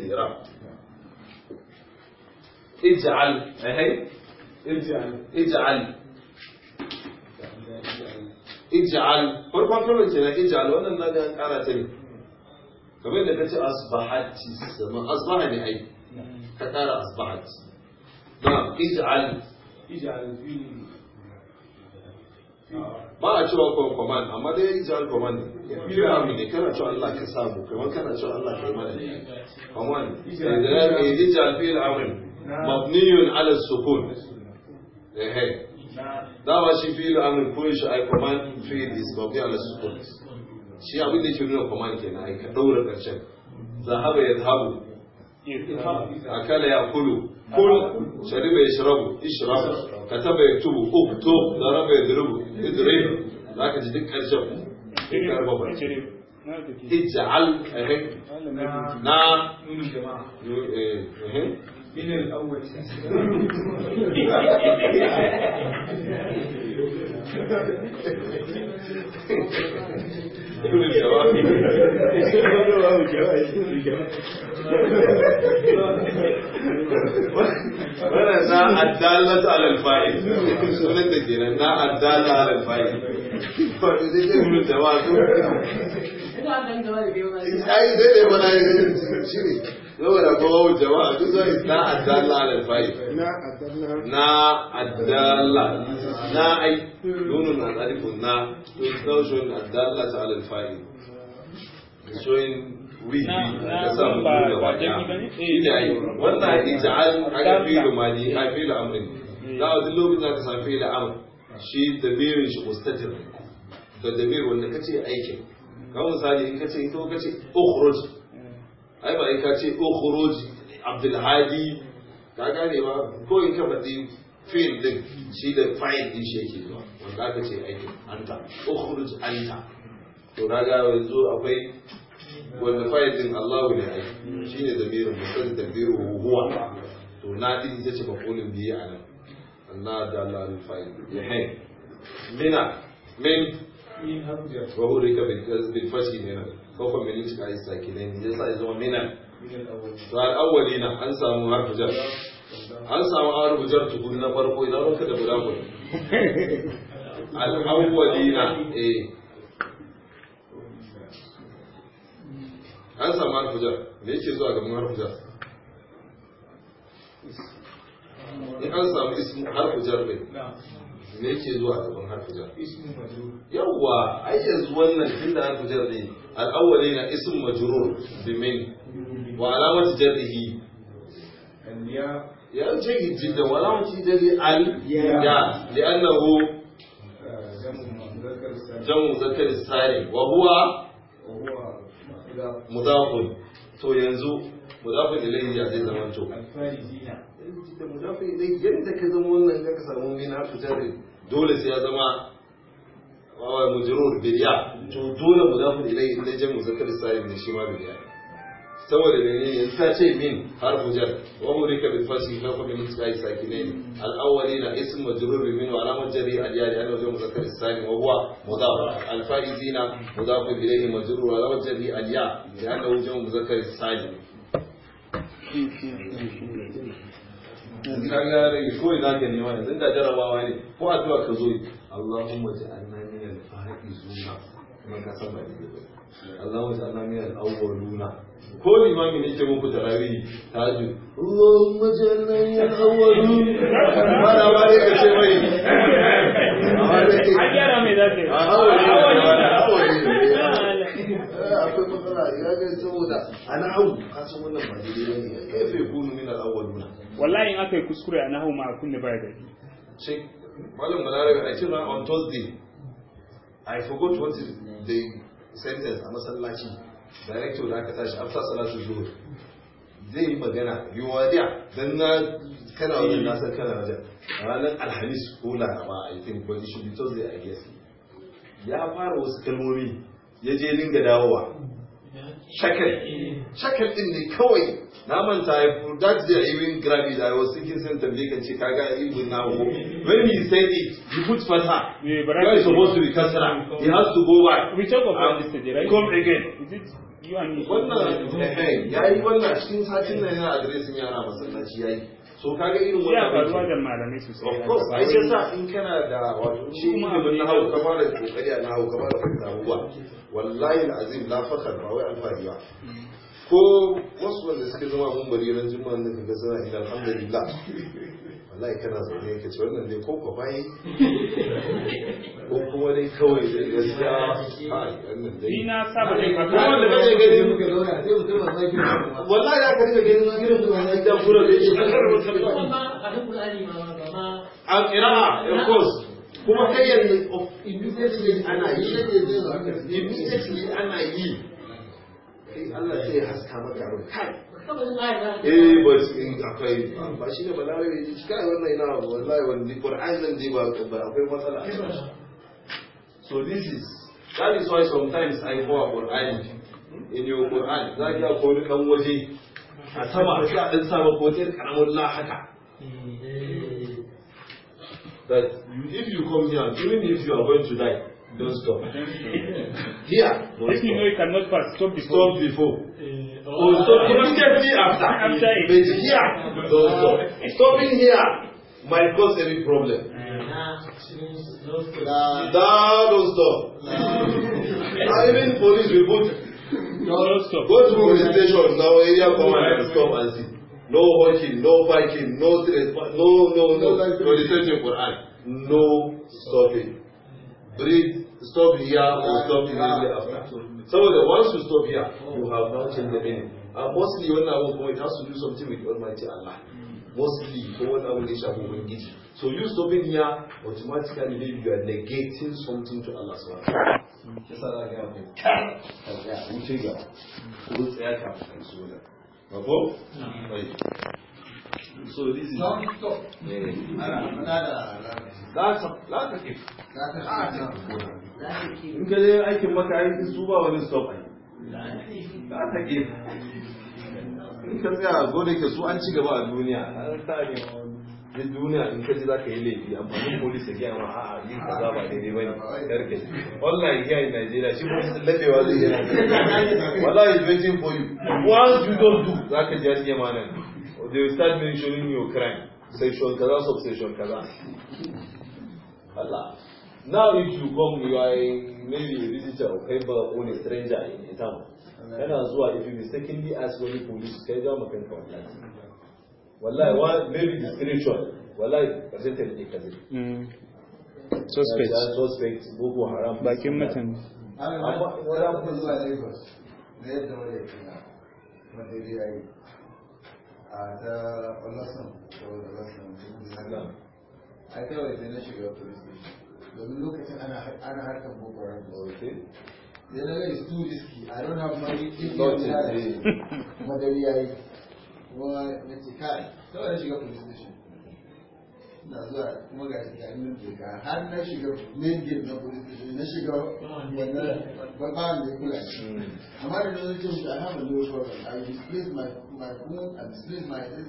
اجعل اهي إيه اجعل اجعل اجعل فور كنترول اجعل اجعل وانا ما كان قاعده تبي كمان اللي بتي اصبحت السماء اصبح يعني هي فترى اصبحت نعم، اجعل اجعل ما اجعل كون كمان اما ده اجعل كمان في عامل كان اجعل الله كسابه كمان كان اجعل الله كمان كمان اجعل في العمل مبني على السكون ايه دعوة ماشي في أن كويش أي كوماند في is مبني على السكون شي عم يجي منه كوماند كان أي كدور كرشن ذهب يذهب أكل يأكل كل شرب يشرب يشرب كتب يكتب اكتب ضرب يضرب يضرب لكن جدك كرشن اجعل نا إيه. نون نعم. نعم. الجماعة من الأول na addala ta al saboda kuma jama'a duk zai na addalla alal fa'i na addalla na ai nunun alifu na to ta fa'i showing we ka samu da ina yi mali a fi amrin a duk lokacin da ka samu shi da wanda kace aikin misali in kace ito kace ukhruj ai ba ka ce oh, ko abdul hadi ka gane ba ko in ka faɗi fil din shi da fa'il din shi yake zuwa wanda aka ce aiki anta ukhruj oh, anta to na ga yanzu akwai wanda fa'il din Allah ne ai shine damirin musalli damiru huwa to na din ita ce maqulun bihi anan anna dalal fa'il yahin mina min wa hurrika bin fashi minan mini cika yi sakinain ne ya zama mina to al na an samu harfu jar an samu harfu jar tukun na farko idan wanka da guda bulagul al na eh an samu harfu jar me yake zuwa gaban harfu jar in an samu ismu jar bai me yake zuwa gaban harfujar yawwa ai yanzu wannan tunda harfijar ne al-awwali na ism majrur bi min wa alamat jarrihi ya ce da wa alamat jarri al ya li'annahu eh, jamu zakar salim wa huwa mudafun to yanzu da ilayhi ya zai zama to alfariji na da mudafun ilayhi yadda ka zama wannan ka samu min harfujar dole sai ya zama wawai mujrur biriya to dole mu zafi ilai ilai jan muzakar salim ne shi ma biriya saboda ne yanzu ta ce min harfu jar wa murika bil fasli fa fa min sai sakinain al na ism majrur min wa alamat jarri al yali ana wajen muzakkar salim wa huwa mudaf al faizina mudaf ilayhi majrur wa alamat jarri al ya ana wajen muzakkar salim ka gane kawai za ka nema yanzu da jarabawa ne ko a addu'a ka zo Allahumma ja'alna min al-faizuna kuma ka san ba ne Allahumma ja'alna min al-awwaluna ko limami ne ke muku tarawih tahajjud Allahumma ja'alna min al-awwalun ba da ba ne ka ce mai a gyara mai zafi a hawa hawa hawa ne. ne. ne. A A A akwai matsala ya ga saboda ana hau kasan wannan ba daidai ne kai fa kunu min al-awwaluna wallahi in aka yi kuskure a nahu ma kunne baya daɗi sai malam balarabe i tell uh, on thursday i forgot what is the sentence a masallaci director da aka tashi after salatu zuhur zai yi magana yi wadiya dan na kana wajen nasar kana wajen ranar alhamis ko laraba i think but it should be thursday i guess ya fara wasu kalmomi ya je dinga dawowa shekel shekel din ne kawai na manta ya that day even grab it I was thinking sai tambaye kan ce kaga even now when he said it he put fata yeah, guy is supposed to be kasra he has to go back we talk about um, this today right come again is it you and me wannan ya yi wannan cikin satin nan yana adresin yara masallaci ya yi so kaga irin wannan faruwa da malamai sosai of course ai sai sa in kana da wato shi ilimin na hawo kamar da kokari na hawo kamar da fahimta abubuwa wallahi alazim la fakhar ba wai alfahari ba mm. ko wasu wanda suke zama mun bari ran juma'a ne kaga suna ina alhamdulillah wallahi kana zaune ka ce wannan dai koko kwafayi ko kuma dai kawai da gaskiya wannan dai ni na saba da da zai zauna sai da aka kura da a duk ma ma qira'a of course kuma kai yanzu immediately ana yi immediately ana yi Allah sai haska maka kai eh ba akwai ba shi ne balarabe ya ci kai wannan ina wallahi wani qur'an nan dai ba akwai matsala so this is that is why sometimes i go qur'an in your qur'an za ki ko ni kan waje a sama a a dan sama ko tsir karamin la haka that if you come here even if you are going to die don't stop here don't stop. you know you cannot pass stop before stop before eh. Oh, so immediately after, after it. But here, no, so stopping here might cause any problem. Nah, don't stop. Not even police will put. No, stop. Go to police station now, area command, and stop and see. No honking, no biking, no no, no, no, no, no, no, no, no, no, no, stop here or stop immediately after. Saboda once you stop here, you have now changed the meaning. And mostly I abu kuma it has to do something with Almighty Allah. Mostly for what abu da ya shafi it. So you stopping here automatically maybe you are negating something to Allah subhanahu So this is That's a, lot of gift. a in ka je aikin maka aikin su ba wani stop ai ba ta ke in ka tsaya gode ke su an ci gaba a duniya an duniya in ka ji za ka yi laifi amfanin polis ya gaya ma a'a yin ka za ba daidai ba ne karke wallahi ya yi najeriya shi polis ladewa zai yi najeriya wallahi is waiting for you once you don't do za ka ji an yi mana they will start mentioning your crime section kaza subsection kaza Allah now if you come you are in, maybe a visitor or paper or a stranger in a town kana zuwa if you mistakenly ask wani police kai ga kan ka wallahi wallahi wa maybe spiritual wallahi karshen ta ne kaze hmm. suspect suspect boko haram bakin mutum amma wala kuma zuwa Lagos na yadda wani ya kina madari yayi a ta olasan ko olasan ai kawai sai na shiga police station domin lokacin ana harkar boko haram okay general is too risky i don't have money if you have madari yayi kuma na ce kai kawai shiga police station na zuwa kuma ga shi kayan min doka har na shiga main gate na police station na shiga wannan babban da kula shi hmm. amma da na zuciya shi a hafa da wasu wasu i displace my my home i displace my